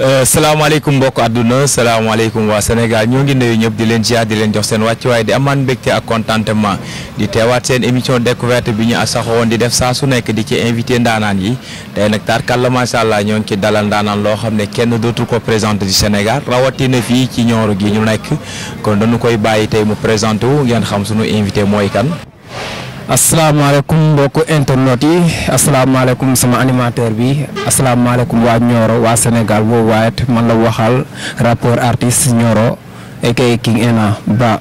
Euh, salaamaaleykum mbokk àdduna salaamaaleykum waa Sénégal ñoo ngi nuyu ñëpp di leen ziar di leen jox seen wàccuwaay di amaan mbégte ak contentement di teewaat seen émission découverte bi ñu saxoon di def saa su nekk di ci invité ndaanaan yi tey nag tarkalla macha allah ñoo ngi ci dalal ndaanaan loo xam ne kenn dootu ko présenté ci Sénégal rawatina fii ci Nioro gi ñu nekk kon dañu koy bàyyi tey mu présenté wu ngeen xam sunu invité mooy kan. asalaamaaleykum mbokk internet yi asalaamaaleykum sama animateur bi asalaamaaleykum waa Nioro waa Sénégal boobu waaye man la waxal rapport artiste Nioro aka King Ena Ba.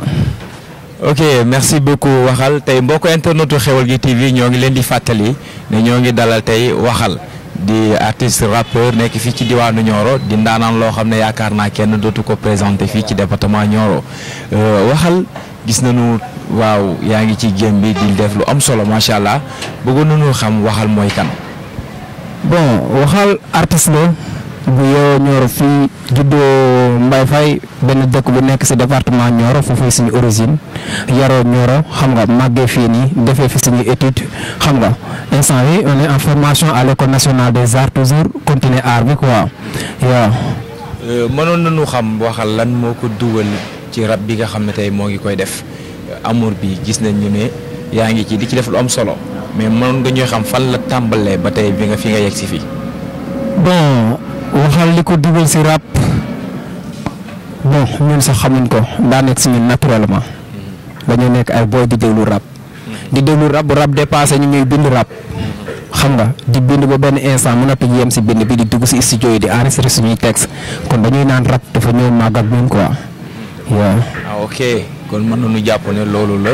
ok merci beaucoup waxal tey mbokk internetu xewal gi TV ñoo ngi leen di fàttali ne ñoo ngi dalal tey waxal di artiste rappeur nekk fii ci diwaanu Nioro di ndaanaan loo xam ne yaakaar naa kenn dootu ko présenté fii ci département Nioro euh, waxal gis nañu. waaw yaa ngi ci gém bi di def lu am solo macha allah bëggoon na nañu xam waxal mooy kan. bon waxal artiste la bu yoo Nioro fii juddoo Mbaye Faye benn dëkk bu nekk si département Nioro foofu suñu origine yaroo Nioro xam nga màggee fii nii defee fi suñu étude xam nga instant yi on est en formation à l'école nationale des arts toujours continuer art bi waa waaw. Euh, mënoon nañu xam waxal lan moo ko dugal ci rab bi nga xam ne tey moo ngi koy def. amour bi gis nañ ñu né yaangi ngi ci di ci def lu am solo mais man nga ñoy xam fan la tambalé ba tey bi nga fi nga yegg si fii bon waxal liko ko ci rap bon ñun sax xamuñ ko da nek ci ñun naturellement dañu nek ay boy di déglu rap di déglu rap rap dépassé ñu ñuy bind rap xam nga di bind ba ben instant mëna natt yem ci bind bi di dugg ci studio yi di enregistrer suñu texte kon dañuy naan rap dafa ñew màgg ak ñun quoi yeah ah okay kon mën nañu jàpp ne loolu la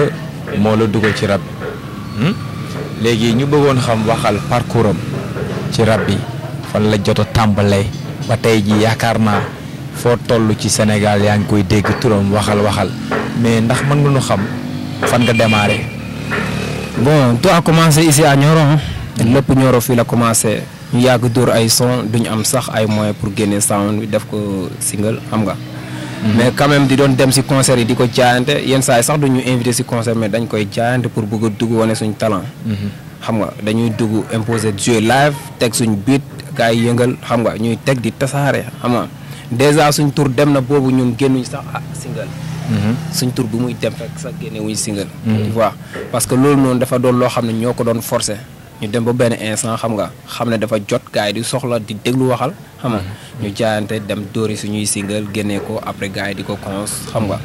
moo la dugal ci rab hmm? léegi ñu bëggoon xam waxal parcours am ci rab bi fan la jot a tàmbalee ba tey ji yaakaar naa foo toll ci Sénégal yaa ngi koy dégg turam waxal waxal mais ndax mën nga ñu xam fan nga démarré. bon tout a commencé ici à Nioro lépp Nioro fii la commencé ñu yàgg dóor ay son duñu am sax ay moyens pour génnee sound bi def ko single xam nga. mais quand même di doon dem si concert yi di ko jaayante yenn saa yi sax du ñu invité si concert mais dañ koy jaayante pour bëgg a dugg wane suñ talent. Mhm. xam nga dañuy dugg imposer jouer live teg suñ biit gars yi yëngal xam nga ñuy teg di tasaare xam nga dèjà suñ tur dem na boobu ñun génnuñu sax ah single. Mhm. suñ tur bi muy dem rek sax génne wuñ single. Mhm. tu vois parce que loolu noonu dafa doon loo xam ne ñoo ko doon forcer. ñu dem ba benn instant xam nga xam ne dafa jot gars yi di soxla di déglu waxal xam nga mm-hmm. ñu jaayante dem dóori suñuy single génnee ko après gars yi di ko cons xam nga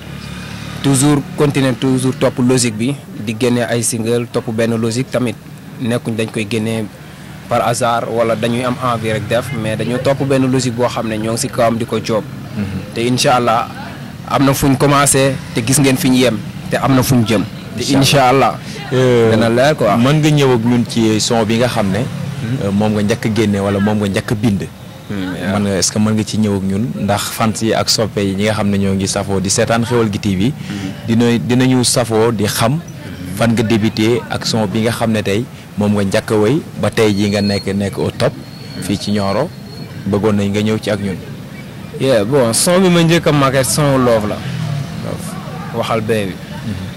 toujours continuer toujours topp logique bi di génnee ay single topp benn logique tamit nekkuñ dañ koy génnee par hasard wala dañuy am envie rek def mais dañoo topp benn logique boo xam ne ñoo ngi si kawam di ko joob mm-hmm. te incha allah am na fu ñu commencé te gis ngeen fi ñu yem te am na fuñ jëm incha allah euh, dana leer quoi mën nga ñëw ak ñun ci son bi nga xam ne. Euh, moom nga njëkk génne wala moom nga njëkk bind. man hmm, nga que mën nga ci ñëw ak ñun ndax fans yi ak soppe yi ñi nga xam ne ñoo ngi safoo di seetaan Xeweul gi TV. Hmm. dina dinañu safoo di xam. fan nga débuté ak son bi nga xam ne tey moom nga njëkk a wéy ba tey jii nga nekk nekk au fii ci Nioro bëggoon nañ nga ñëw ci ak ñun. yeah bon son bi ma njëkk a maquette son love la. waxal bee bi.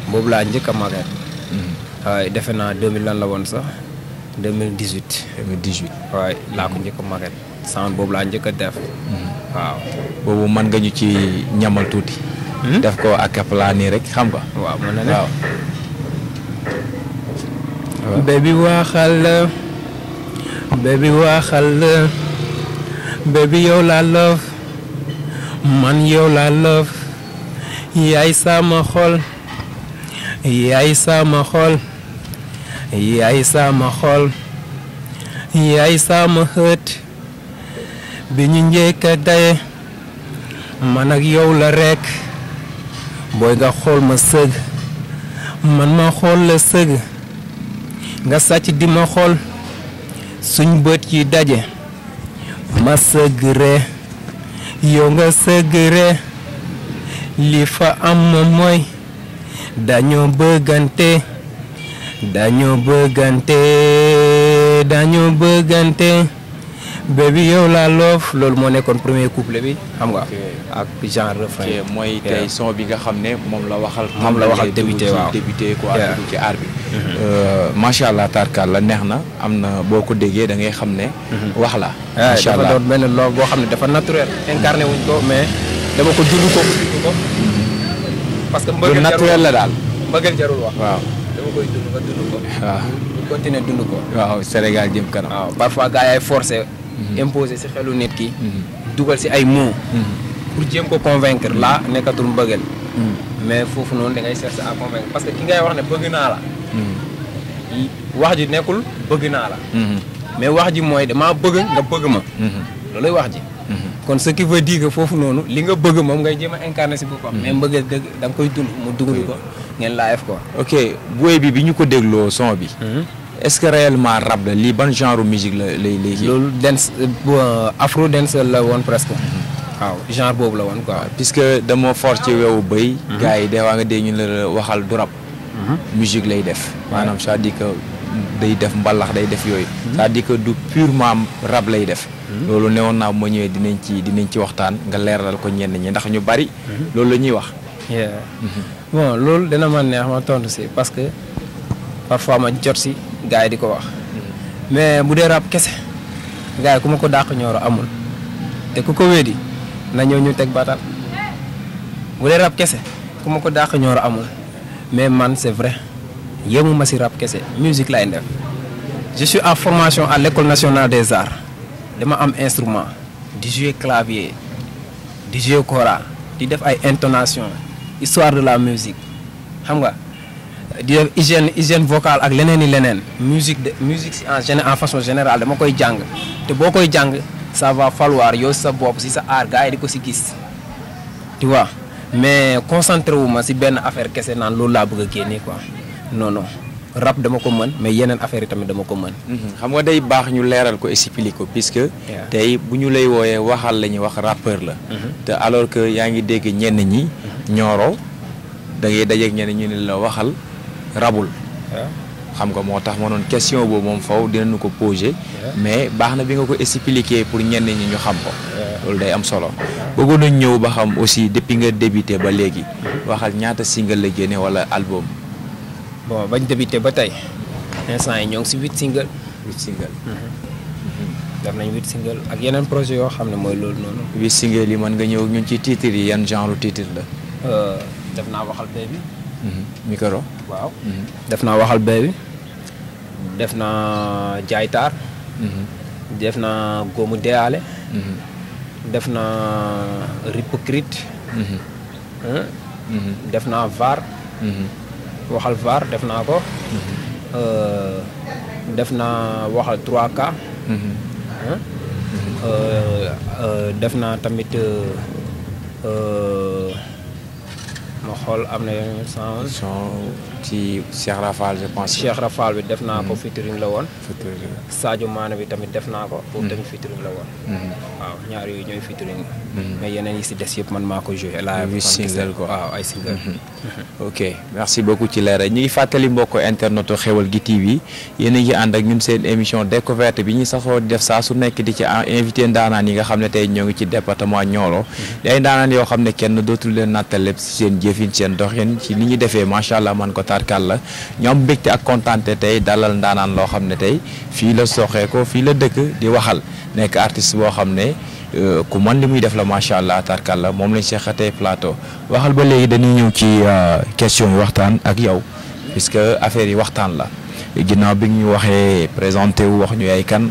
boobu laa njëkk a màggee. Hmm. waaye defe naa 2000 lan la woon sax 2018. 2018 waaye laa ko njëkk a màggee boobu laa njëkk a def. Hmm. waaw boobu mën nga ñu ci ñamal tuuti. Hmm? def ko a cappella nii rek xam nga. waaw mën na ne waaw. baby waxal baby waxal baby yow laa love man yow laa love yaay sama xol. yaay sama xol yaay sama xol yaay sama xët bi ñu njëkk a daye man ak yow la rekk booy nga xool ma sëg man ma xool la sëg nga sàcc di ma xool suñ bët yi daje ma sëg ree yow nga sëg ree li fa am ma mooy dañoo bëggante dañoo bëggante dañoo bëggante bi yow laa loof loolu moo nekkoon premier couple bi xam nga ak genre refrain mooy tey son bi nga xam ne moom la waxal moom la waxal débuté waaw débuté quoi ci aar bi mm-hmm. euh, macha allah tarkal la neex na am na boo ko déggee da ngay xam ne mm-hmm. wax la eh, dafa doon benn loo boo xam ne dafa naturel incarné wuñ ko mais dama ko dund ko parce que mbëggeel naturel la daal. mbëggeel jarul wax. waaw dama koy dund nga ko. dund ko. waaw Sénégal jëm kanam. waaw parfois gars yaay forcé. Mhm. imposer si xelu nit ki. Mhm. dugal si ay mots. Mhm. pour jéem ko convaincre la nekkatul mbëggeel. mais foofu noonu da ngay chercher à convaincre parce que ki ngay wax ne bëgg naa la. wax ji nekkul bëgg naa la. mais wax ji mooy dama bëgg nga bëgg ma. looluy wax ji. kon ce qui veut dire foofu noonu li nga bëgg moom ngay jéem a incarné si boppam. Mm-hmm. mais mbëggeel dëgg da nga koy dund mu dugal ko ngeen live quoi. ok booy bi bi ñu ko dégloo son bi. Mm-hmm. est-ce que réellement rap la lii ban genre musique la lay lay. loolu dance euh, euh, afro dance la woon presque. Mm-hmm. waaw genre boobu la woon quoi. puisque dama fort ci wewu bëy. gars yi des waa nga ñu waxal du rap. lay def. maanaam c'est-à-dire day def mbalax day def yooyu. c'est-à-dire que du purement rap lay def. lolou mhm. loolu na bu ma ñëwee dinañ ci dinañ ci waxtaan nga leeralal ko ñenn ñi ndax ñu bari. Mhm. lolou la ñuy wax. Mhm. bon lolou dina ma neex ma tontu ci parce que parfois ma jot si gaay di ko wax. mais bu dee rab kese gars ku ma ko dàq ñoro amul te ku ko wéedi na ñëw ñu teg batal bu dee rab kese ku ma ko dàq ñoro amul mais man c'est vrai yéemu ma si rab kese musique laay def je suis en formation à l'école nationale des arts dama am instrument di jouer clavier di jouer kora di def ay intonation histoire de la musique xam nga di def hygiène hygiène vocale ak leneen i leneen musique de musique en géné en façon générale dama koy jàng te boo koy jàng ça va falloir yow sa bopp si sa aar gars yi di ko si gis tu vois mais concentré wu ma si benn affaire kese naan loolu laa bëgg a génne quoi non non rab dama ko mën mais yeneen affaire yi tamit dama ko mën. Mhm. xam nga day baax ñu leeral ko expliquer ko puisque. tey bu ñu lay wooyee waxal la ñuy wax rappeur la. Mhm. te alors que yaa ngi dégg ñenn ñi. Mhm. ñooro da ngay dajeeg ñenn ñu la waxal rabul. xam nga moo tax ma noon question boobu moom faw dinañu ko poser. mais baax na bi nga ko expliquer pour ñenn ñi ñu xam ko. loolu day am solo. bëggoon nañ ñëw ba xam aussi depuis nga débuté ba léegi. waxal ñaata single la génne wala album. bon bañ débuté ba tey instant yi ñoo ngi si huit single. huit single. Mhm. def nañ huit single ak yeneen projet yoo xam ne mooy loolu noonu. huit single yi mën nga ñëw ñun ci titre yi yan genre titre la. Euh, def naa waxal baby. Mhm. micro. waaw mhm. def naa waxal baby. def naa jaaytaar. def naa góomu deyaale. def naa hypocrite. def naa var. waxal VAR def naa ko. Mhm. Euh, def naa waxal 3K. Mhm. Euh, euh, def naa tamit ma xool am na yeneen 111. ci Cheikh Rafal je pense. Cheikh Rafal bi def naa ko mm. featuring la woon. featuring Sadio Mané bi tamit def naa ko. boobu mm. tamit featuring la woon. Mm. waaw ñaar yooyu ñooy featuring. mais yeneen yi si des yëpp man maa ko joué. live bi single ko waaw ay single. Mm-hmm. ok merci beaucoup ci leeral ñu ngi fàttali mbokk internetu xewal gi TV yéen a ngi ànd ak ñun seen émission découverte bi ñu saxoo def saa su nekk di ci invité ndaanaan yi nga xam ne tey ñoo ngi ci département Nioro. Mm-hmm. ay ndaanaan yoo xam ne kenn dootul leen nattal lépp si seen jëfin seen doxin ci ni ñu defee macha allah man ko tarkal la ñoom am ak kontaante tey dalal ndaanaan loo xam ne tey fii la soxee ko fii la dëkk di waxal nekk artiste boo xam ne euh, ku man li muy def la macha allah tarkal la moom lañ seqatee plateau waxal ba léegi dañuy ñëw ci euh, question yi waxtaan ak yow puisque affaire yi waxtaan la ginnaaw bi ñu waxee présenté wax ñu ay kan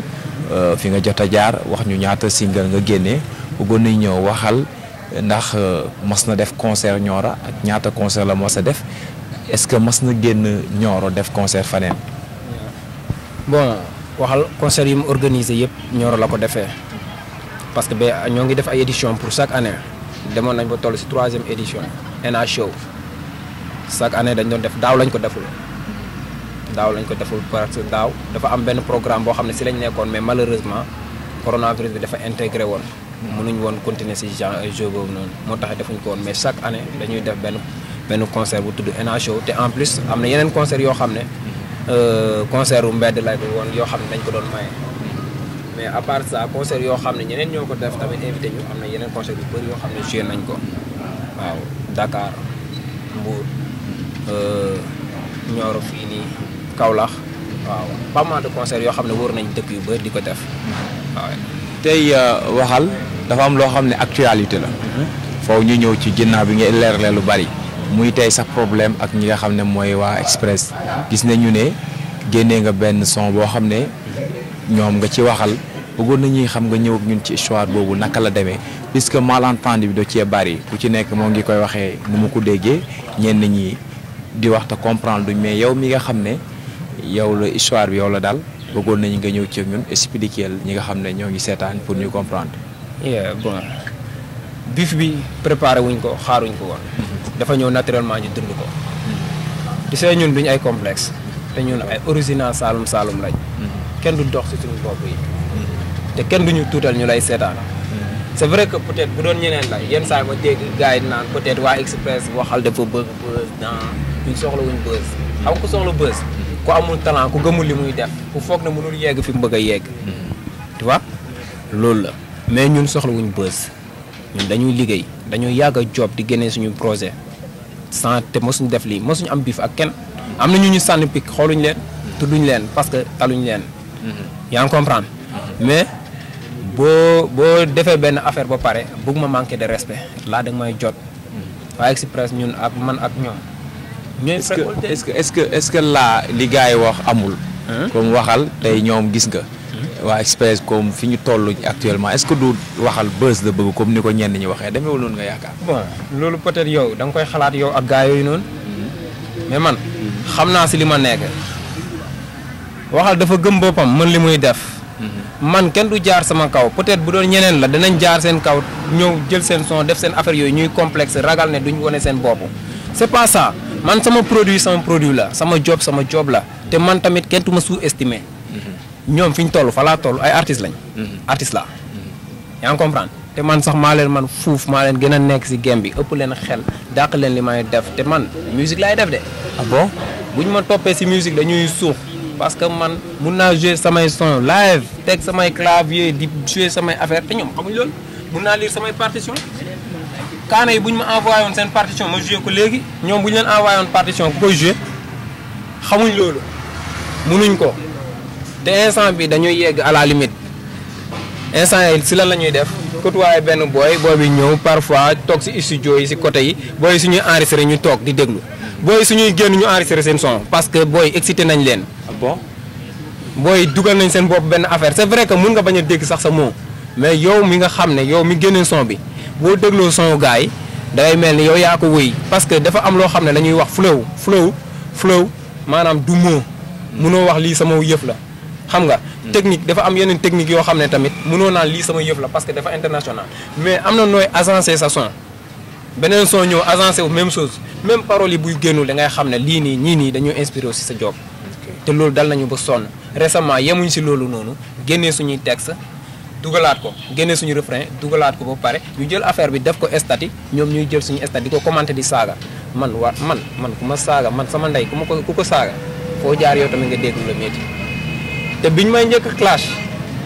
euh, fi nga jot a jaar wax ñu ñaata single nga génnee bëggoon nañ ñëw waxal ndax mas na def concert Nioro ak ñaata concert la mos def est-ce que mas na génn Nioro def concert faneen. bon waxal concert yi mu organisé yépp ñoro la ko defee parce que ba ñoo ngi def ay édition pour chaque année demon nañ ba toll ci 3 troisième édition NA show chaque année dañ doon def daw lañ ko deful. daw lañ ko deful parce que daw dafa am ben programme bo xamné ne si lañ nekkoon mais malheureusement coronavirus bi dafa intégré won mënuñ won continuer ci genre jeu boobu noonu moo defuñ ko won mais chaque année dañuy def ben benn concert bu tudd NH Show te en plus am na yeneen concert yoo xam ne euh, concert wu mbedd lay doon woon yoo xam ne dañ ko doon maye mais à part ça concert yoo xam ne ñeneen ñoo ko def tamit invité ñu am na yeneen concert yu bëri yoo xam ne joué nañ ko waaw Dakar Mbour euh, Nioro fii nii Kaolack waaw pas mal yoo xam ne wóor nañ dëkk yu bëri di ko def waaw tey euh, waxal dafa am loo xam ne actualité la mhm. foofu ñu ñëw ci ginnaaw bi nga leerle lu bari muy tey sax problème ak ñi nga xam ne mooy waa express gis nañu ne génnee nga benn son boo xam ne ñoom nga ci waxal bëggoon nañuy xam nga ñëw ñun ci histoire boobu naka la demee puisque malentendu bi da cee bari ku ci nekk moo ngi koy waxee nu ma ko déggee ñenn ñi di wax te comprendre duñ mais yow mi nga xam ne yow la histoire bi yow la daal bëggoon nañu nga ñëw ci ñun expliquer ñi nga xam ne ñoo ngi seetaan pour ñu comprendre. bon bi préparé wuñ ko xaaruñ ko dafa ñëw naturellement ñu dund ko tu sais ñun duñu ay complexe te ñun ay original saalum saalum lañ kenn du dox si suñu bopp yi te kenn duñu tuutal ñu lay seetaan c' est que peut être bu doon ñeneen la yenn saa ma dégg gars yi naan peut être waa express waxal dafa bëgg buzz dans ñu soxla wuñ buzz xam ku soxla buzz ku amul talent ku gëmul li muy def ku foog ne mënul yegg fi mu bëgg a yegg tu loolu la mais ñun soxla wuñ buzz ñun dañuy liggéey dañuy yàgg a job di génnee suñu projet santé te mosuñu def lii mosuñu am bif ak ken amna ñu ñu sànni picc xoluñ len tuduñ len parce que taluñu leen mhm. ya ngi comprendre mhm. mais bo bo defee ben affaire ba paré bëgg manquer de respect laa da may jot mhm. waaye express ñun ak man ak ñom ñooy est-ce que est-ce que est-ce que laa li gars wax amul hein? comme waxal tey ñom gis nga waa espèce comme fi ñu toll actuellement est ce que du waxal buzz la bëgg comme ni ko ñenn ñi waxee demeewul noonu nga yaakaar. bon loolu peut être yow da nga koy xalaat yow ak gars yooyu noonu mais man xam naa si nekk waxal dafa gëm boppam mën li def man kenn du jaar sama kaw peut être bu doon ñeneen la danañ jaar seen kaw ñëw jël seen son def seen affaire yooyu ñuy complexe ragal ne duñ wane seen bopp c' pas ça man sama produit sama produit la sama job sama job la te man tamit kenn du sous estimer ñom fiñ fait fa la ay artistes lañ. Mm-hmm. artistes la mm-hmm. yaa comprendre te man sax maa man fuuf maa si ëpp leen xel te man musique laay def de. ah bon si musique dañuy suux parce que man mun jouer son live teg samay clavier di jouer samay affaire te ñoom xamuñ loolu mun lire partition kaana yi bu ma partition ma jouer ko léegi ñoom buñ leen partition ku koy xamuñ ko. te instant bi dañuy yegg à la limite instant yi si lan la ñuy def côtoyer benn booy booy bi ñëw parfois toog si studio yi si côté yi booy yi suñuy enregistré ñu toog di déglu booy suñuy génn ñu enregistré seen son parce que booy excité nañ leen. Ah bon booy dugal nañ seen bopp benn affaire c'est vrai que mun nga bañ a dégg sax sa mot mais yow mi nga xam ne yow mi génnee son bi boo dégloo son gars yi dangay mel ni yow yaa ko wëy parce que dafa am loo xam ne dañuy wax flow flow flow maanaam du mot wax lii sama yëf la. xam nga hmm. technique dafa am yeneen technique yoo xam ne tamit mënoo naa lii sama yëf la parce que dafa international mais am na nooy agencé sa son beneen son ñëw agencé wu même chose même paroles buy génnul da ngay xam ne lii nii ñii nii dañoo inspiré aussi sa job te loolu dal nañu ba sonn récemment yemuñ si loolu noonu génnee suñuy texte dugalaat ko génnee suñu refrain dugalaat ko ba pare ñu jël affaire bi def ko estati ñoom ñuy jël suñu estati di ko commenté di saaga man war man man ku ma saaga man sama ndey ku ma ko ku ko saaga foo jaar yow tamit nga déglu la te biñ may ñëk clash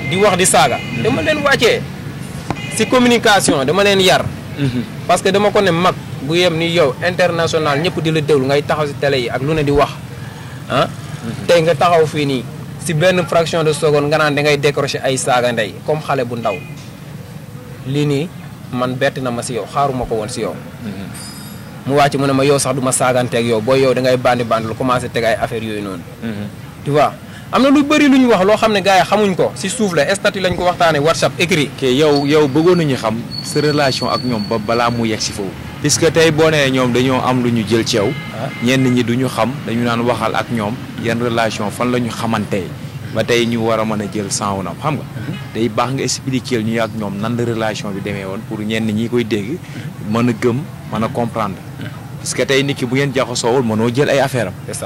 di wax di saga dama leen si communication dama leen yar mhm. parce que dama ko né mag bu yem ni yow international ñëpp di la déwul ngay taxaw ci télé yi ak lu né di wax ah mhm. tey nga taxaw fi ni si benn fraction de seconde nga naan da ngay décrocher ay saga ndey comme xalé bu ndaw li ni man bétti na ma ci yow xaaruma ko won ci yow mhm. mu wacc mu ne ma yow sax duma ma ak yow boy yow da ngay bandi bandi lu commencé teg ay affaire tu vois am na lu bari lu ñu wax loo xam ne gars yi xamuñ ko si suuf la statut lañ ko waxtaanee WhatsApp écrit. ok yow yow bëggoon nañu xam sa relation ak ñoom ba balaa mu yegg si foofu. puisque tey boo nee ñoom dañoo am lu ñu jël ci yow. Ah. ñenn ñi du ñu xam dañu naan waxal ak ñoom yan relation fan la ñu xamante ba tey ñu war a mën a jël sanwunam xam nga. day mhm. baax nga expliquer ñu ak ñoom nan la relation bi demee woon pour ñenn ñi koy dégg mhm. mën a gëm mën a comprendre. Mhm. parce que tey nit ki bu ngeen jaxasoowul mënoo jël ay affaire am. c'est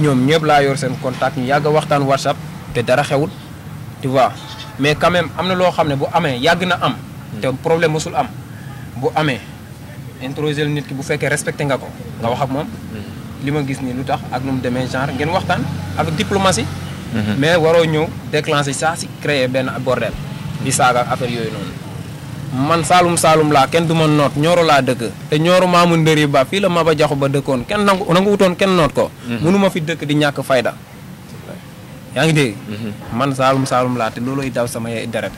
ñom ñepp la yor sen contact ñu yag waxtan whatsapp dara tu vois mais quand même amna lo xamné bu amé yag na am. Hmm. té problème musul am bu amé introsel nit ki bu problème, respecté nga ko nga wax ak mom hmm. gis ak genre avec diplomatie. Hmm. mais waro ñëw déclencher ça si créer un bordel. di saga affaire yoy man saalum saalum laa kenn du ma noot ñooro laa dëkk te ñooru maamu ndëri ba fii la ma ba Jaxu Ba dëkkoon kenn nangu nangu wutoon kenn noot ko mënuma mhm. fi dëkk di ñàkk fayda yaa ngi dégg mhm. man saalum saalum laa te loolu looloy daw sama deret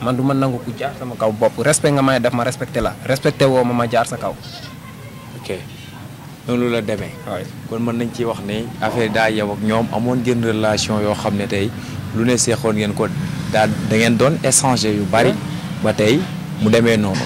man du ma nangu ku jaar sama kaw bopp respect nga may def ma respecté la respecté woo ma ma jaar sa kaw ok noonu la demee kon mën nañ ci wax ne affaire daa yow ñoom amoon ngeen relation yoo xam ne tey lu ne seexoon ngeen ko daa da ngeen doon échanger yu bari ba tey mu demee noonu.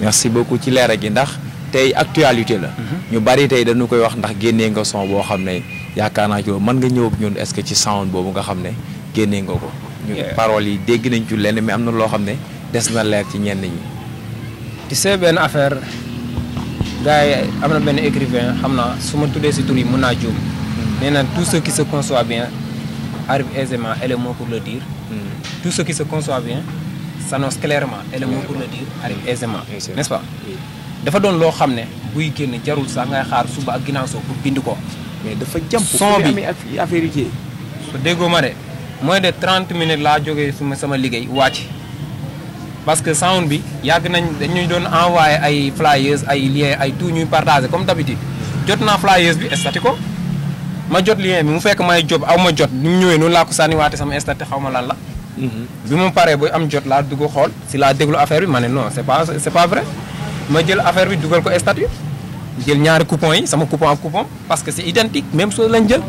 merci beaucoup ci leera gi ndax tey actualité la. Mhm. ñu bari tey dañu koy wax ndax génnee nga son boo xam ne yaakaar naa ci mën nga ñëw ak ñun est-ce que ci sound boobu nga xam ne génnee nga ko. ñu paroles yi dégg nañ ci lenn mais am na loo xam ne des na leer ci ñenn ñi. ci see benn affaire gars am na benn écrivain xam naa su ma tuddee si tur yi mun naa juum. Hmm. nee na tout ce qui se bien arrive aisément et le mot pour le dire. Hmm. tout ce qui s'annonce clairement et le mot pour le dire dafa doon loo xam ne buy génn jarul sax ngay xaar suba ak ginnaaw soo pour bind ko mais dafa jàmp son bi affaire yi su déggoo ma de de 30 minutes laa jógee suma sama liggéey wàcc parce que sound bi yàgg nañ dañuy doon envoyé ay flyers ay liens ay tout ñuy partagé comme d'habitude jot naa flyers bi estati ko ma jot lien bi mu fekk may job aw ma jot ni mu ñëwee noonu laa ko waate sama estati xaw ma lan la Si me paree am jot si je déglu affaire bi ne non c'est pas c'est pas vrai Je jël affaire bi Je ko statut jël ñaari je sama parce que c'est identique même si lañ jël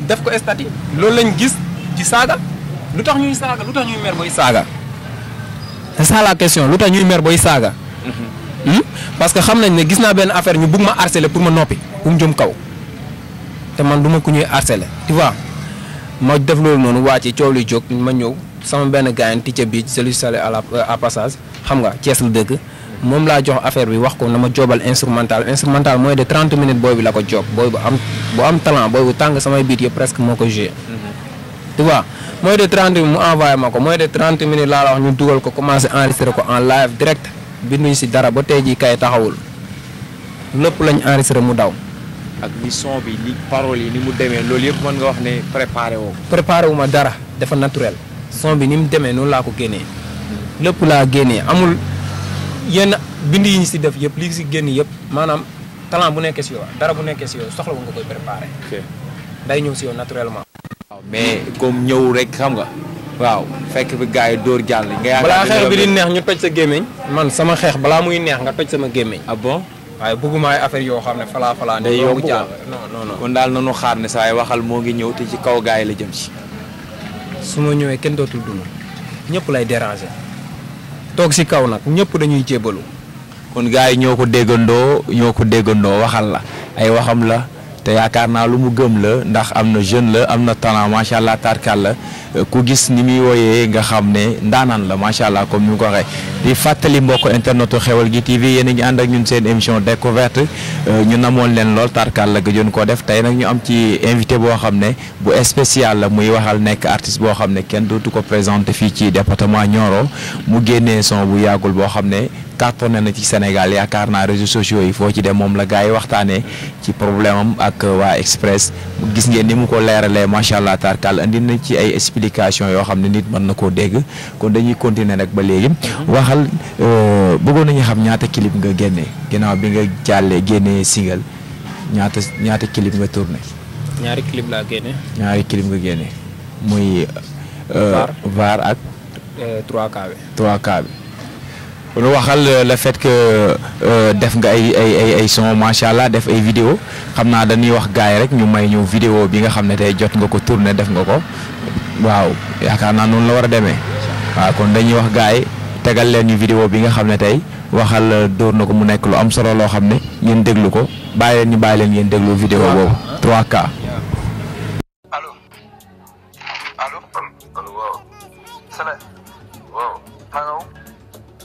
une ko statut lañ gis ci je ñuy c'est ça la question mm-hmm. hmm? parce que je gis affaire ma harceler pour ma noppi pour me kaw te tu vois ma def loolu noonu wàcce coow lu jóg ma ñëw sama benn gaayan ti ca bii selu à la euh, à passage xam nga Thiès la dëkk moom laa jox affaire bi wax ko na ma joobal instrumental instrumental mooy de 30 minutes booy bi la ko joob booy bu am bu am talent booy bu tàng samay biit yi presque moo ko joué tu mooy de 30 mu envoyé ma ko mooy de 30 minutes laa la wax ñu dugal ko commencé enregistré ko en live direct ñu si dara ba tey jii kay taxawul lépp lañ enregistré mu daw ak ni son bi ni paroles yi ni mu demee loolu yëpp mën nga wax ne préparé woo préparé wu ma dara dafa naturel son bi ni mu demee noonu laa ko génnee lépp laa génnee amul yenn bind yi ñu si def yëpp li si génn yëpp maanaam talent bu nekkee si yow dara bu nekkee si yow soxla wu nga koy préparé day ñëw si yow naturellement waaw mais comme ñëw rek xam nga waaw fekk bi gars yi dóor jàll nga balaa xeex bi di neex ñu toj sa gémmiñ man sama xeex balaa muy neex nga toj sama gémmiñ ah bon waaye bëgguma ay affaire yoo xam ne falaa falaa. day yomb quoi non non non. kon daal nanu xaar ne saa yi waxal moo ngi ñëw te ci kaw gaay la jëm si. su ma ñëwee kenn dootul duma ñëpp lay déranger toog si kaw nag ñëpp dañuy jébalu. kon gars yi ñoo ko déggandoo ñoo ko déggandoo waxal la ay waxam la. te yaakaar naa lu mu gëm la ndax am na jeune la am na talent macha allah tarkal la euh, ku gis ni muy wooyee nga xam ne ndaanaan la macha allah comme ni mu ko waxee. di fàttali mbokk internetu xewal gi TV yéen a ngi ànd ak ñun seen émission découverte euh, ñu namoon leen lool tarkal la gëjoon koo def tey nag ñu am ci invité boo xam ne bu espécial la muy waxal nekk artiste boo xam ne kenn dootu ko présenté fii ci département Nioro mu génnee son bu yàggul boo xam ne. ne na ci Sénégal yaakaar naa réseaux sociaux yi foo ci dem moom la gars yi waxtaanee ci problème am ak waa Express gis ngeen ni mu ko leeralee macha allah tarkal indi na ci ay explication yoo xam ne nit mën na koo dégg kon dañuy continuer nag ba léegi. Mhm. waxal euh, bëggoon nañu xam ñaata clip nga génne ginnaaw bi nga jàllee génnee single ñaata ñaata clip nga tourné. ñaari clip laa ñaari clip nga génne muy. Euh, Var ak. 3K euh, bi. waxal euh, le fait que euh, def nga ay ay ay ay son macha allah def ay vidéo xam naa dañuy wax gars yi rek ñu may ñëw vidéo bi nga xam ne tey jot nga ko tourné def nga ko waaw yaakaar naa noonu la war a demee waaw kon dañuy wax gars yi tegal leen ñu vidéo bi nga xam ne tey waxal euh, dóor na ko mu nekk lu am solo loo xam ne ngeen déglu ko bàyyi leen ñu bàyyi leen ngeen déglu vidéo boobu 3K.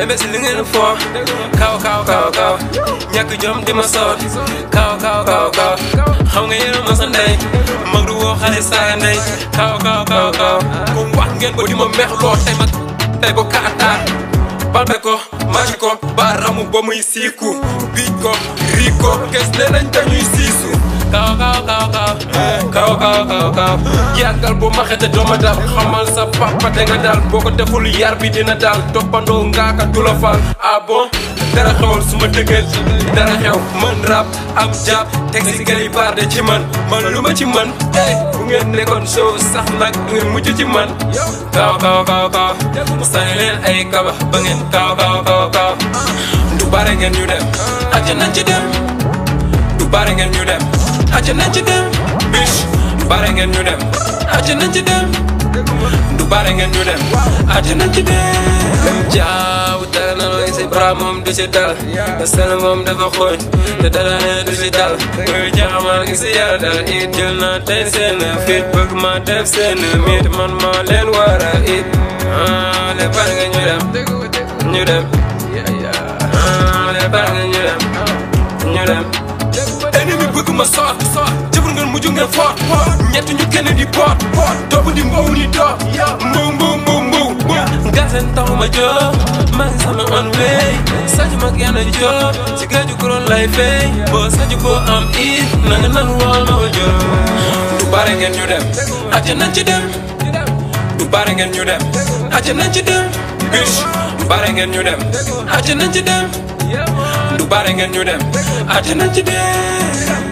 investir li ngeen fort kaw kaw kaw kaw ñàkk jom di ma soot kaw kaw kaw kaw kaw kaw kaw wax ngeen ko di ma meex loo tey ma tey ko kaataar balbe ko màcc ko baaramu ba muy siiku biij ko riij ko kes ne nañ dañuy sii kaw kaw kaw kaw kaw kaw kaw kaw yàggal bu ma xete dooma dal xamal sa papa da nga dal boo ko deful yar bi dina dal toppandoo ngaaka du la fal ah bon dara xewal suma dëggal dara xew man rap am jàpp teg si galibaar de ci man man lu ma ci man bu ngeen nekkoon show sax nag ngeen mujj ci man kaw kaw kaw kaw sànni ay kaba ba ngeen kaw kaw kaw kaw du bare ngeen ñu dem àjjana ci dem du bare ngeen ñu dem Aja nanti dem bis barengan bare dem aja nanti dem du barengan ngeen dem aja nanti dem jaaw dana lay ci bra mom du ci dal da sel mom dafa xoñ te dara ne du ci dal muy jaamal gi yar dal it jël na tay fit bëgg ma def seen mit man ma wara it ah le bare ngeen ñu dem ñu dem ah le barengan ngeen dem ñu dem ma soor jëfur ngeen mujj ngeen foot ñett ñu kenn di boot topp di mbow ni doo mbow mbow mbow mbow gasen taxu ma jë maa ngi sama on way sàcc mag yàlla jë ci gaaju kuroon lay fay boo sàcc boo am it na nga nan wal ma ko du bare ngeen ñu dem acca nañ ci dem du bare ngeen ñu dem acca nañ ci dem bish bare ngeen ñu dem acca nañ ci dem du bare ngeen ñu dem acca nañ ci dem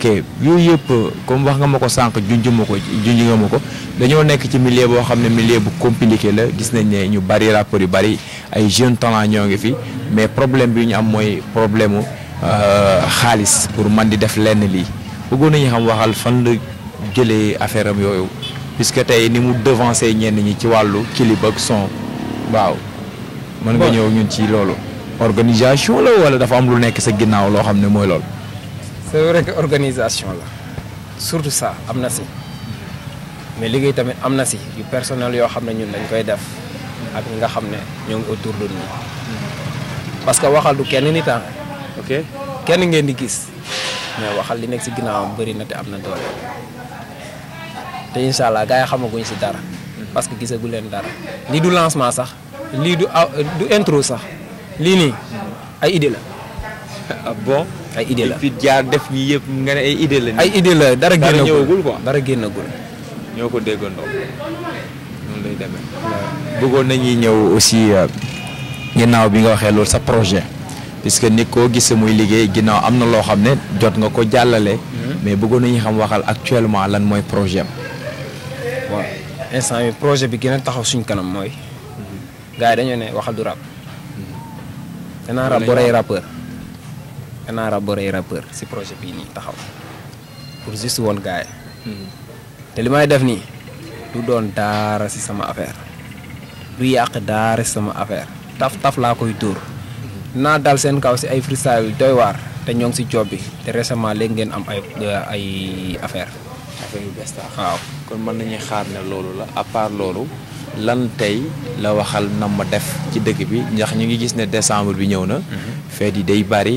ok yooyu yëpp comme wax nga ma ko sànq junj ma ko junj nga ma ko dañoo nekk ci milieu boo xam ne milieu bu compliqué la gis nañ ne ñu bari rapport yu bari ay jeunes talent ñoo ngi fi mais problème bi ñu am mooy problème mu euh, xaalis pour man di def lenn lii bëggoon nañu xam waxal fan la jëlee affaire am yooyu puisque tey ni mu devancé ñenn ñi ci wàllu clip ak son waaw. mën nga ñëw ñun ci loolu. organisation la wala dafa am lu nekk sa ginnaaw loo xam ne mooy loolu. c'est vrai que organisation là surtout ça amna ci mais liggéey tamit amna ci si yu personnel yo xam ñun dañ koy def ak nga xam ñu ngi autour de nous parce que waxal du kenn ni tan ah. ok kenn ngeen di gis mais waxal li nek ci ginaaw bari na te amna na doole te incha xamaguñ ci dara parce que gisagu len dara li du lancement sax li du ah, du intro sax li ni ay idée la ah bon ay idée la fi jaar def yi yëpp nga ne ay idée la. ay idée la dara génnagul quoi ñoo ko déggandoo noonu lay demee. bëggoon nañuy ñëw aussi euh, ginnaaw bi nga waxee loolu sa projet. que nit koo gis muy liggéey ginnaaw am na loo xam ne jot nga ko jàllale. Hmm. mais bëggoon nañu xam waxal actuellement lan mooy projet am. waaw instant yi projet bi gën a taxaw suñ kanam mooy. Hmm. gars yi dañoo ne waxal du rap. Hmm. danaa rap bu rey rappeur. un rappeur per rappeur si projet bi ni taxaw pour juste won gaay te li def ni du don dara si sama affaire du yaq dara si sama affaire taf taf la koy tour hmm. na dal sen kaw si ay freestyle doy war te ñong ci si job bi te récemment léegi ngeen am ay ay affaire affaire yu besta waaw kon man nañu xaar ne lolu la à part lolu lan tay la waxal na ma def ci deug bi ñax ñu ngi gis ne décembre bi ñëw na. Mhm. feet yi day bari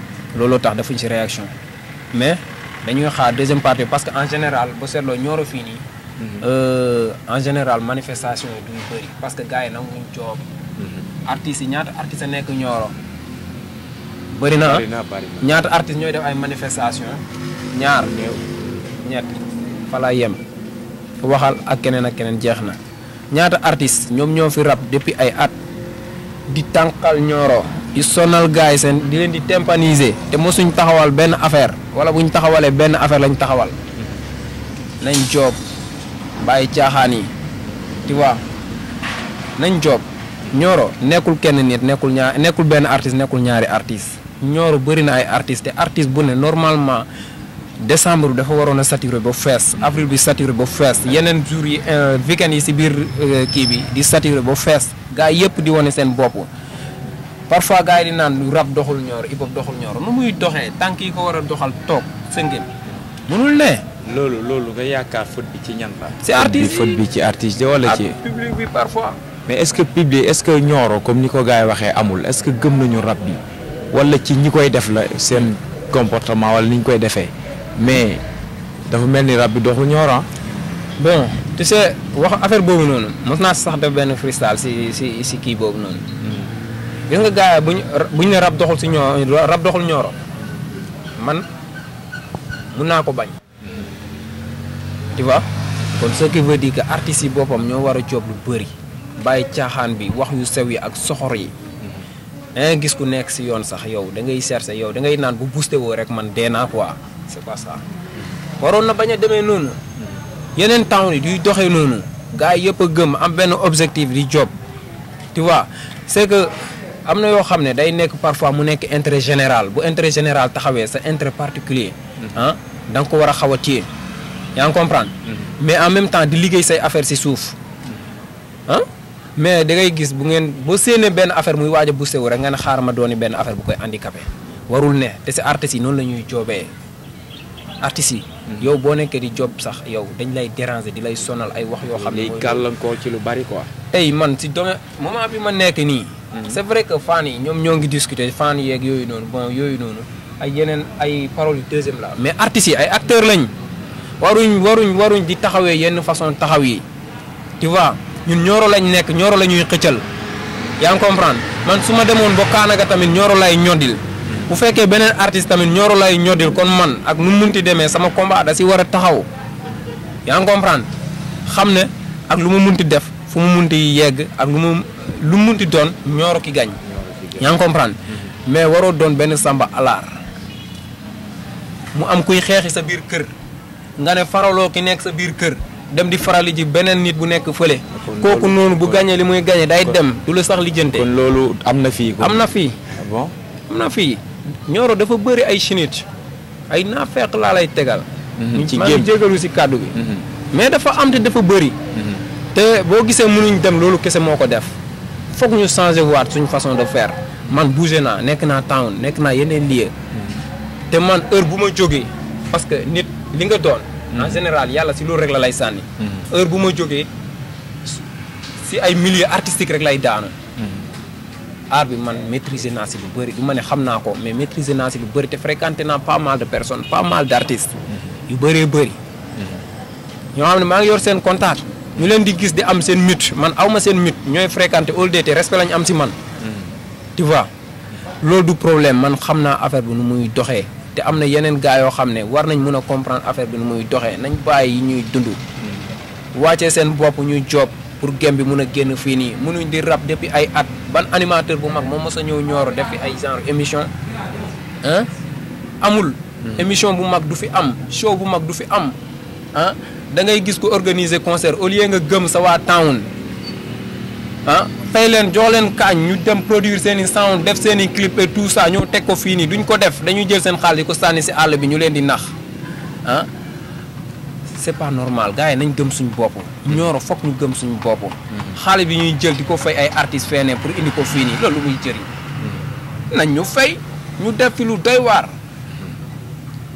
looloo tax defuñ si réaction mais dañuy xaar deuxième partie parce que en général ba seetloo Nioro fii nii. Mhm. Euh, en général manifestation yi duñu bëri parce que gars yi nag muñ joob mhm. artistes yi ñaata artistes nekk Nioro. bëri na ah. ñaata artistes ñooy def ay manifestation ñaar ñett fa laa yem waxal ak keneen ak keneen jeex na ñaata artistes ñoom ñoo fi rap depuis ay at di tànqal Nioro. di sonal gars yi seen di leen di tympaniser te mosuñ taxawal benn affaire wala buñ taxawalee benn affaire lañ taxawal nañ joob bàyyi caaxaan yi tu nañ joob ñooro nekkul kenn nit nekkul ñaar nekkul benn artiste nekkul ñaari artiste ñooro bëri na ay artiste te artiste bu ne normalement décembre bi dafa waroon a saturé ba fees avril bi saturé ba fees yeneen jours yi euh, weekend yi si biir euh, kii bi di saturé ba fees gars yëpp di wane seen bopp parfois gars yi di naan rap doxul ñor hip hop doxul ñor nu muy doxee tànk yi ko war a doxal toog sëngin mënul ne. loolu loolu nga yaakaar faute ci ñan si ci artiste ci artiste wala ah, ci. public mais est-ce que public est-ce que ñooro comme ni ko gars yi waxee amul est-ce que gëm nañu rab bi wala ci ñi koy def la seen comportement wala ni ñu koy defee mais dafa mel ni rab bi doxul ñoor ah. bon tu sais wax affaire boobu noonu mos naa sax def benn freestyle si si si kii boobu noonu. Hmm. gis nga gaay buñ buñ ne rab doxul ci ñoo rab doxul ñoro man mën naa ko bañ tu vois kon ce qui veut dire que artiste yi boppam ñoo war a coob lu bëri bàyyi caaxaan bi wax yu sew yi ak soxor yi un gis ku nekk si yoon sax yow da ngay chercher yow da ngay naan bu boosté woo rek man dee naa quoi c' est pas ça waroon na bañ a demee noonu yeneen temps yi duy doxee noonu gars yëpp a gëm am benn objectif di job tu vois c' que am na yoo xam ne day nekk parfois mu nekk intérêt général bu intérêt général taxawee sa intérêt particulier mm-hmm. ah da nga ko war a xaw a téye yaa ngi comprendre mm-hmm. mais en même temps di liggéey say affaire si suuf mm-hmm. ah mais da ngay gis bu ngeen boo séenee benn affaire muy waaj a wu rek nga ne xaar ma dooni benn affaire bu koy handicapé warul ne te si artistes yi noonu la ñuy joobee artistes yi yow boo nekkee di job sax yow dañ lay déranger di lay sonal ay wax yoo xam ne gàllankoor ci lu bari quoi tey man si domaine moment bi ma nekk nii Mm-hmm. c'est vrai que fan yi ñom ñongi discuter fan ak yoyu non bon yoyu non ay yenen ay parole yu deuxième là mais artiste yi ay acteur lañ waruñ waruñ waruñ di taxawé yenn façon taxaw yi tu vois ñun ñoro lañ nek ñoro lañuy ñuy xëccal yaa comprendre man suma demone bo kanaga tamit ñoro lay ñodil bu fekke benen artiste tamit ñoro lay ñodil kon man ak nu munti démé sama combat da ci wara taxaw ya nga comprendre ak lu munti def fu mu munti yegg ak lu lu munti don, ñoro ki gañ ya nga comprendre mais waro don ben samba alar mu am kuy xexi sa bir keur nga ne ki nek sa bir keur dem di farali ji benen nit bu nek fele koku nonu bu gagne limuy gagne day dem du la sax lijeunte kon lolu am fi amna am ah bon am fi ñoro dafa beuri ay chinit ay nafaq la lay tegal mhm, ci jéem jégalu ci kàddu bi mhm. mais dafa am te dafa beuri mhm. te bo gisee munuñ dem lolu kese moko def que nous changer voir, une façon de faire man bougé na nek na town nek na yenen lieu té man heure buma ma parce que nit li nga en mm-hmm. général yalla si loolu rek la lay sanni mm-hmm. heure buma ma jógee si ay milieu artistique rek lay daanu. Mm-hmm. art bi man maîtriser n'a si lu bari. du ma xamna ko mais maîtriser n'a si lu bari. té fréquenté n'a pas mal de personnes pas mal d'artistes. yu bëree beuri ñoo xamné ma ngi yor sen contact ñu leen di gis di am man awma seen mute ñooy fréquenté all day respect hmm. tu vois du problème man xam affaire bi nu muy doxee te am na yeneen gars yoo war nañ comprendre affaire muy nañ yi ñuy hmm. job pour gem bi mun génn rap depuis ay at ban animateur bu mag moom ñëw émission du show du am da ngay gis ko organiser concert au lieu nga gëm sa waa town ah fay dem produire def et tout ça ñoo teg ko fii duñ ko def dañuy jël seen di ko sànni si bi ñu di nax ah. c'est pas normal gars nañ gëm suñu bopp. ñooro foog ñu gëm ñuy jël fay ay artistes pour indi ko fii nii muy jëriñ. fay ñu def lu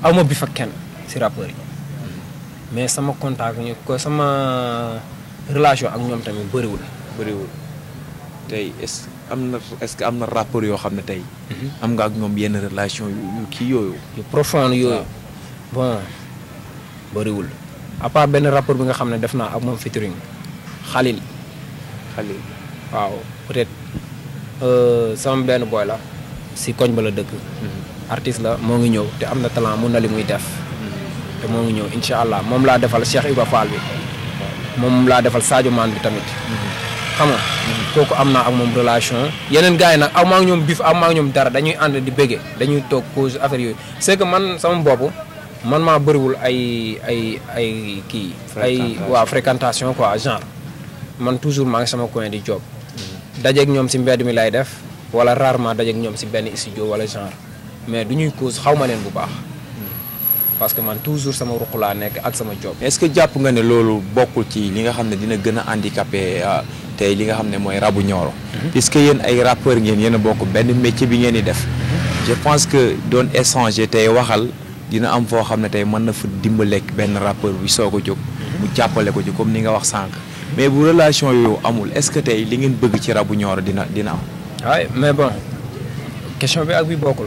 aw ma bi fa kenn si rappeurs yi mais sama contact ñu ko sama relation ak ñoom tamit bëriwul. bëriwul tey est am na est-ce que am na rappeurs yoo xam ne tey. Mhm. am nga ak ñoom yenn relation yu kii yooyu. yu profonde yooyu. Ah. bon bëriwul. à benn rapport bi nga xam ne def naa ak moom featuring Khalil. Khalil waaw peut-être euh, sama benn boy la. si koñ ba la dëkk. Mhm. Artis la mo ngi ñew te amna talent mu na li muy def te mo ngi ñew incha allah la defal Cheikh Iba Fall bi mom la defal Sadio man bi tamit xam nga amna ak mom relation yenen gaay nak aw bif aw maa ngi dara dañuy and di bëgge dañuy tok cause affaire yoy c'est que man sama bop man ma bëriwul ay ay ay ki ay wa fréquentation quoi genre man toujours ma ngi sama coin di job ak ñom ci mbéd mi lay def wala rarement ak ñom ci ben studio wala genre mais du ñuy cause xaw ma leen bu baax parce que man toujours sama ruq laa nekk ak sama job. est-ce que jàpp nga ne loolu bokkul ci li nga xam ne dina gën handicapé euh, tey li nga xam ne mooy rabu Nioro. Mhm. puisque yéen ay rappeurs ngeen yéen a bokk métier bi ngeen di def. Mhm. je pense que doon échanger tey waxal dina am foo xam ne tey mën na fa dimbaleek benn rappeur bi soog a jóg. Mhm. mu jàppale ko ci comme ni nga wax sànq. mais bu relation yooyu amul est-ce que tey li ngeen bëgg ci rabu Nioro dina dina am. waaye mais bon question bi ak bi bokkul.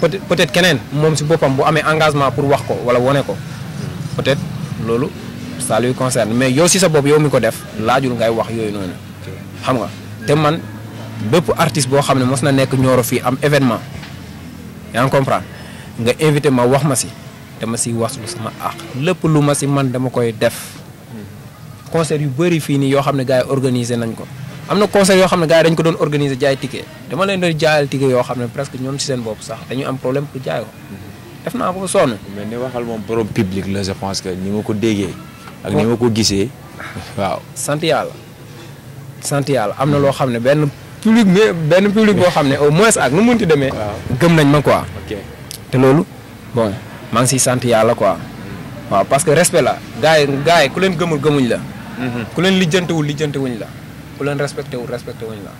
peut être keneen moom si boppam bu amee engagement pour wax ko wala wone ko peut être loolu ça lui concerne mais yow si sa bopp yow mi ko def laajul ngay wax yooyu noonu xam nga te man bépp artiste boo xam ne mos na nekk Nioro am événement yaa ngi comprend. nga invité ma wax ma si dama si wax lu sama àq lépp lu ma si man dama koy def concert yu bëri fii nii yoo xam ne gars yi organiser nañ ko am na conseil yoo xam ne gars yi dañ ko doon organiser jaay ticket dama leen doon jaayal ticket yoo xam ne presque ñoom si seen bopp sax dañu am problème pour jaay ko def naa ko ba ni waxal moom borom public la je pense que ni ko déggee. ak ni ma ko gisee waaw. sant yàlla am na loo xam ne benn public benn public boo xam ne au moins ak nu mu munti demee. gëm nañ ma quoi. te loolu bon maa ngi siy sant yàlla quoi. waaw parce que respe la gars yi gars yi ku leen gëmul gëmuñ la. Mhm. ku leen lijjantewul lijjantewuñ la. ku leen respecté wu respecté wuñ la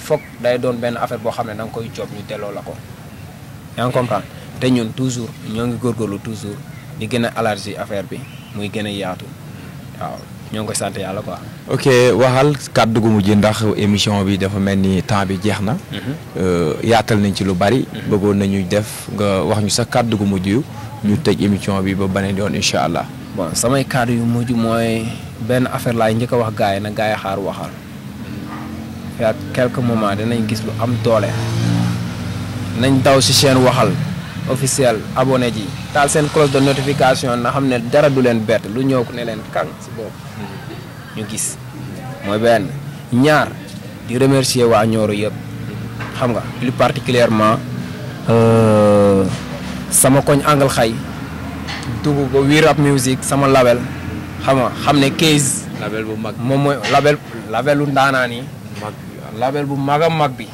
foog day doon benn affaire boo xam ne danga koy job ñu telloo la ko yaa ngi comprendre te ñun toujours ñoo ngi góorgóorlu toujours di gën a élargi affaire bi muy gën a yaatu waaw ñoo ngi koy sant yàlla quoi. ok waxal kàdd gu mujj ndax émission bi dafa mel ni temps bi jeex na. Mhm. Euh, yaatal nañ ci lu bari. Mhm. bëggoon nañu def nga wax ñu sax kàdd gu mujj ñu tëj émission bi ba beneen yoon incha allah. bon sama cadre yu muju moy ben affaire lay ñëk wax gaay na gaay xaar waxal fiat quelques moments dinañ gis lu am doole nañ daw ci chaîne waxal officiel abonné ji tal seen cloche de notification na xamne dara du len bett lu ñëw ne len kang ci bop ñu gis moy ben ñaar di remercier wa ñoro yëpp xam nga plus particulièrement euh, sama koñ angal xay dugg ko We Rap Music sama label xama xam ne Kayz. label bu mag moom mooy label labelu ndaanaan yi. label bu mag mag bi.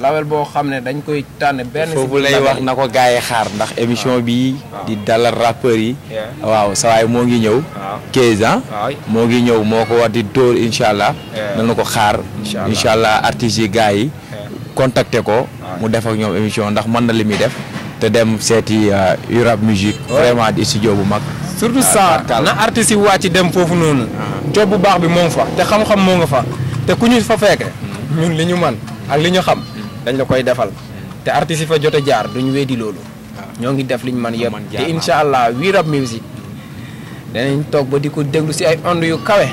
label boo xam ne dañ koy tànn benn. foofu lay wax na ko gars yi xaar ndax émission bi di dalal rappeurs yi. waaw saa moo ngi ñëw. Kayz ah. moo ngi ñëw moo ko wax di dóor incha allah. na ko xaar. incha allah artistes yi gars yi. contacter ko. mu def ak ñoom émission ndax mën na li muy def. te dem seeti euh, Urab Musique vraiment di bu mag. surtout ça ah, na artistes yi wàcc dem foofu noonu. jot bu baax bi moo fa te xam-xam moo nga fa te ku ñu fa fekke ñun li ñu man ak li ñu xam dañ la koy defal te artistes yi fa jot a jaar duñ di loolu. Ah. ñoo ngi def li liñ man yëpp te incha allah Urab Musique danañ toog ba di ko déglu si ay ondes yu kawe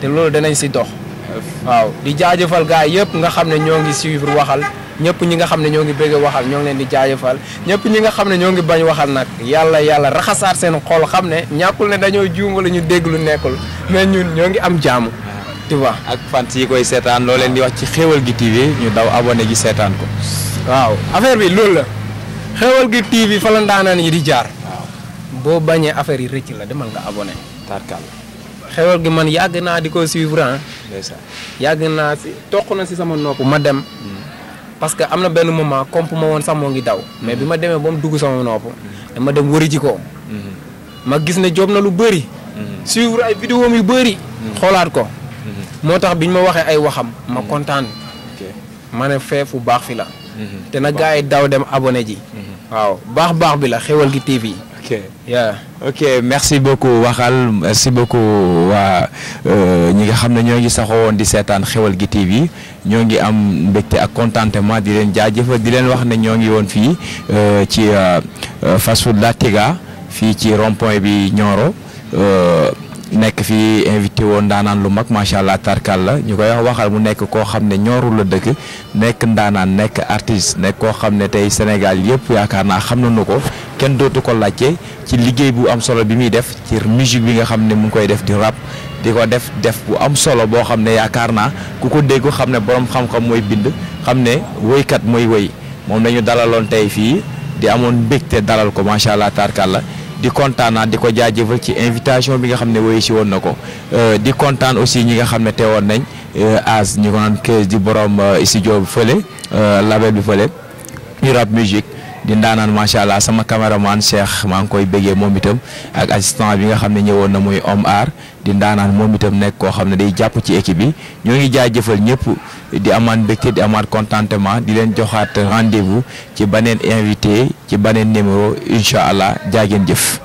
te loolu danañ si dox. waaw di jaajëfal gars yëpp nga xam ne ñoo ngi suivre waxal. ñëpp ñi nga xam ne ñoo ngi bëgg waxal ñoo ngi leen di jaajëfal ñëpp ñi nga xam ne ñoo ngi bañ waxal nag yàlla yàlla raxasaat seen xool xam ne ñàkkul ne dañoo juum wala ñu dégg lu nekkul mais ñun ñoo ngi am jaamu. Ah. tu ak fans yi koy seetaan loo leen di wax ci xéewal gi TV ñu daw abonné ji seetaan ko. waaw affaire bi loolu la xéewal gi TV fa la yi di jaar. boo bañee affaire yi rëcc la demal nga abonné. tarkal xewal gi man yàgg naa di ko suivre ah. yàgg naa si toq na si sama nopp ma dem. Hmm. parce que amna na benn moment comp ma won sax ngi daw mais bima démé demee dugg sama nopp dama dem wori ci ko ma gis né job na lu bëri mhm. suivre ay vidéo yu bëri mhm. xolaat ko mhm. moo biñ ma waxé ay waxam ma contane ma fu fi la té na gaay daw dem abonné ji waaw bax bax bi la gi TV ok merci beaucoup waxal merci beaucoup waa euh, ñi nga xam ne ñoo ngi saxoo woon di seetaan xewal giti bi ñoo ngi am mbégte ak contentement di leen jaajëfal di leen wax ne ñoo ngi woon fii euh, ci euh, fast food Latiga fii ci rond point bi Nioro nekk fi invité woon ndaanaan lu mag macha allah tarkal la ñu koy wax waxal mu nekk koo xam ne ñooru la dëkk nekk ndaanaan nekk artiste nekk koo xam ne tey Sénégal yëpp yaakaar naa xam nañu ko. kenn dootu ko laajte ci liggéey bu am solo bi muy def ci musique bi nga xam ne mu ngi koy def di rap di ko def def bu am solo boo xam ne yaakaar naa ku ko dégg xam ne borom xam-xam mooy bind xam ne woykat mooy wéy moom dañu dalaloon tey fii di amoon mbégte dalal ko macha allah la di kontaan di ko jaajëfal ci invitation bi nga xam ne woyu si woon na ko euh, di kontaan aussi ñi nga xam ne te woon nañ euh, as ñi ko naan kees di borom euh, studio bi fële label bi fële ñu rap musique di ndaanaan macha allah sama maan Cheikh maa ngi koy bëggee moom itam ak assistant bi nga xam ne ñëwoon na muy homme art di ndaanaan moom itam nekk koo xam ne day jàpp ci équipe bi ñoo ngi jëfal ñëpp di amaat mbégte di amaan contentement di leen joxaat rendez-vous ci baneen invité ci baneen numéro incha allah jaageen jëf.